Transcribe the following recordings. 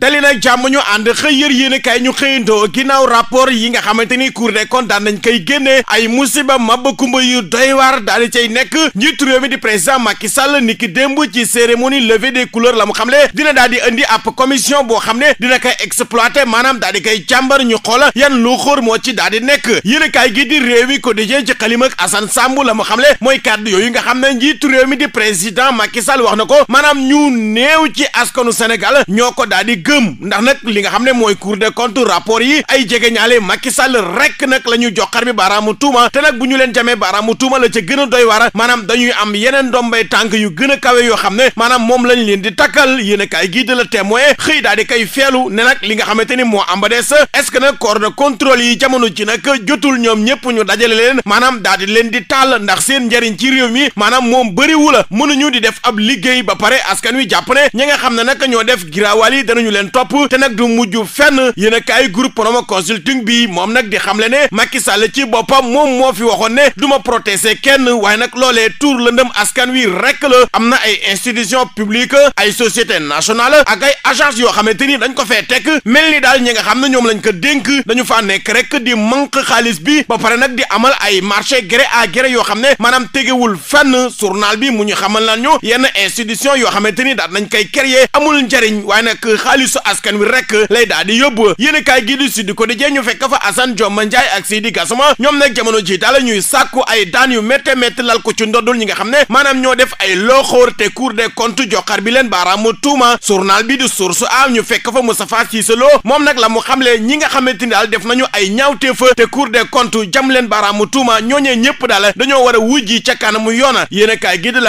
dali nag jàmm ñu ànd xëy yër yéen kay ñu xëyandoo ginnaaw rapport yi nga xamante ni Cour des comptes daan nañ koy génne ay musiba mabba kumba yu doy waar daal di cay nekk njiitu réew mi di président Macky Sall niki démb ci cérémonie levée des couleurs la mu xam le dina daal di indi ab commission boo xam ne dina koy exploité maanaam daal di koy càmbar ñu xoola yan lu xóor moo ci daal di nekk yéen kay gi di Rewmi Quotidien ci xalima ak Assane Samb la mu xam le mooy kàddu yooyu nga xam ne njiitu réew mi di président Macky Sall wax na ko maanaam ñu néew ci askanu Sénégal ñoo ko daal di gëm ndax nag li nga xam ne mooy cour des comptes rapport yi ay jege ñaale Macky Sall rek nag la ñu joxar bi baaraamu tuuma te bu ñu leen jamee baaraamu tuuma la ca gën a doy waar maanaam dañuy am yeneen dombay tànk yu gën a kawe yoo xam ne maanaam moom lañ leen di takkal yéen a kaay gii de la témoin xëy daal di kay feelu ne li nga xamante ni moo am ba des est-ce que nag corps de contrôle yi jamono ji nag jotul ñoom ñëpp ñu dajale leen maanaam daal di leen di taal ndax seen njariñ ci réew mi maanaam moom bëriwu la mënuñu di def ab liggéey ba pare askan wi jàpp ne ñi leen topp te nag du mujj fenn yéen a kaay groupe Promo Consulting bi moom nag di xam ne Macky Sall ci boppam moom moo fi waxoon ne du ma protéger kenn waaye nag loolee tur lëndëm askan wi rek la am na ay institution publique ay société nationale ak ay agence yoo xamante ni dañ ko fee teg mel ni daal ñi nga xam ne ñoom lañ ko dénk dañu faa nekk rek di manque xaalis bi ba pare nag di amal ay marché gré a gré yoo xam ne maanaam tegewul fenn surnal bi mu ñu xamal nañu yenn institution yoo xamante ni daal nañ koy créer amul njariñ xaalisu askan wi rek lay daal di yóbbu yéen kaay gi ko Sud Quotidien ñu fekk fa Assane Dioma Ndiaye ak Seydi Gassama ñoom nag jamono jii daal ñu sàkku ay daan yu métte métte lal ko ci ndoddul ñi nga xam ne maanaam ñoo def ay looxoor te Cour des comptes joxar bi leen baaraamu tuuma journal bi di Source ñu fekk fa Moustapha Cissé Lo moom nag la mu xamle ñi nga xamante ni daal def nañu ay ñaawteef te Cour de comptes jam leen baaraamu tuuma ñooñee ñëpp daal dañoo war a wuj ji ca kanamu yoona yéen kaay gi de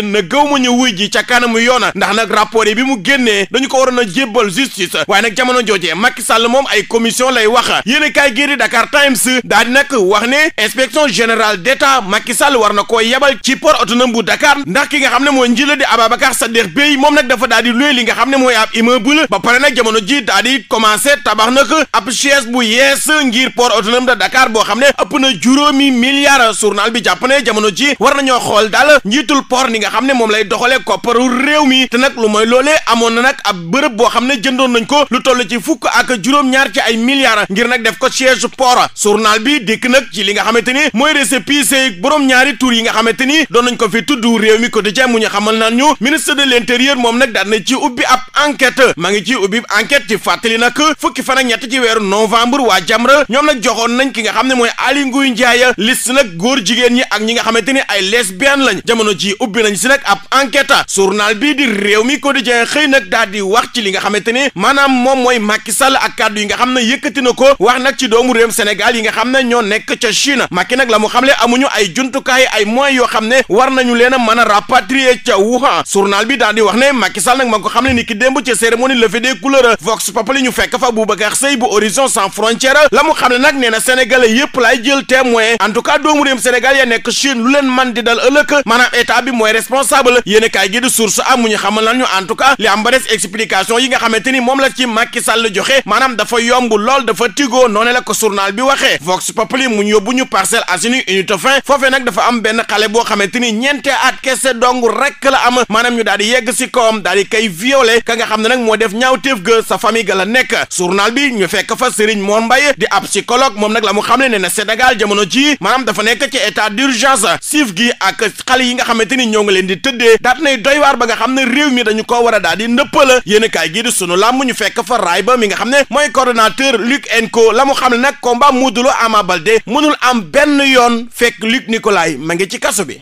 na gëw ma ñu wuj ji ca kanamu yoona ndax nag rapport bi mu génnee dañu ko waroon a jébbal wàllum justice waaye nag jamono joojee Macky Sall moom ay commission lay wax yéen a kaay gii di Dakar Times nag wax ne inspection générale d'État Macky Sall war na koo yebal ci port autonome bu Dakar ndax ki nga xam ne mooy njila di Ababacar Sadikh Bèye moom nag dafa daal di li nga xam ne mooy ab immeuble ba pare nag jamono ji daal di commencé tabax nag ab chaise bu yees ngir port autonome de Dakar boo xam ne ëpp na juróomi milliards journal bi jàpp ne jamono ji war nañoo xool daal njiitul port ni nga xam ne moom lay doxalee kopparu réew mi te nag lu mooy loolee amoon na nag ab bërëb boo xam ne jëndoon nañ ko lu toll ci fukk ak juróom-ñaar ci ay milliards ngir nag def ko siège port journal bi dikk nag ci li nga xamante ni mooy récépissé borom ñaari tur yi nga xamante ni doon nañ ko fi tudd réew mi quotidien mu ñu xamal naan ñu ministre de l'intérieur moom nag daan na ci ubbi ab enquête maa ngi ci ubbi enquête ci fàttali nag fukki fan ak ñett ci weeru novembre waa Jamra ñoom nag joxoon nañ ki nga xam ne mooy Aly Ngouille Ndiaye liste nag góor jigéen ñi ak ñi nga xamante ni ay lesbiennes lañ jamono ji ubbi nañ si nag ab enquête journal bi di réew mi quotidien xëy nag li nga xamante ni maanaam moom mooy Macky Sall ak yi nga xam ne yëkkati na ko wax nag ci doomu réewum Sénégal yi nga xam ne ñoo nekk ca Chine Macky nag la mu xamle amuñu ay juntukaay ay moyens yoo xam ne war na leen a mën a rapatrier ca Wuhan journal bi daal di wax ne Macky Sall nag ma ko xam ne ni ki démb ca cérémonie levée des couleurs Vox Populi ñu fekk fa Boubacar Seye bu Horizon sans frontières la xam ne nag nee na sénégalais yëpp jël témoin en tout cas doomu a kaay gi di am xamante ni moom la ci Macky Sall joxe maanaam dafa yomb lool dafa tigoo noonu la ko journal bi waxee Vox Populi mu ñu yóbbu ñu Parcelles Assainies unité fin foofee nag dafa am benn xale boo xamante ni ñeente at kese dong rek la am maanaam ñu daal di yegg si kawam daal di kay violé ka nga xam ne nag moo def ñaawteef ga sa famille ga la nekk journal bi ñu fekk fa Serigne Mor Mbaye di ab moom nag la mu xam ne ne na Sénégal jii maanaam dafa nekk ci état d'urgence siif yi nga xamante ni ñoo ngi leen di tëddee daat nay doy ne réew ko war a daal di ndëppala yéen kaay sunu làmb ñu fekk fa raay ba mi nga xam ne mooy coordonnateur Luc Enco la mu xam ne nag combat Modou Lo Ama Baldé mënul am benn yoon fekk Luc Nicolaï ma ngi ci kaso bi